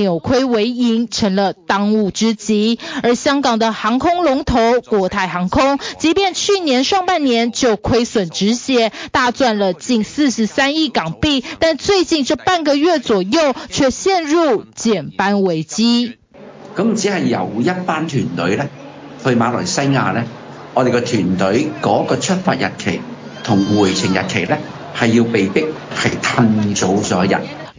扭虧為盈成了當務之急，而香港的航空龍頭國泰航空，即便去年上半年就虧損止血，大賺了近四十三億港幣，但最近這半個月左右卻陷入減班危機。咁只係有一班團隊咧，去馬來西亞咧，我哋個團隊嗰個出發日期同回程日期咧，係要被逼係褪早咗人。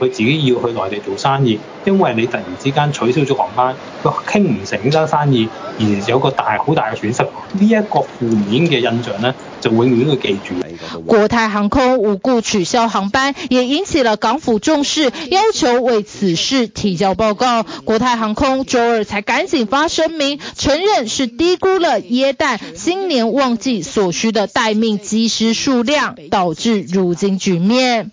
佢自己要去內地做生意，因為你突然之間取消咗航班，佢傾唔成呢單生意，而有一個大好大嘅損失。呢、這、一個負面嘅印象呢，就永遠都記住你。國泰航空無故取消航班，也引起了港府重視，要求為此事提交報告。國泰航空周二才趕緊發聲明，承認是低估了耶誕新年旺季所需的待命機師數量，導致如今局面。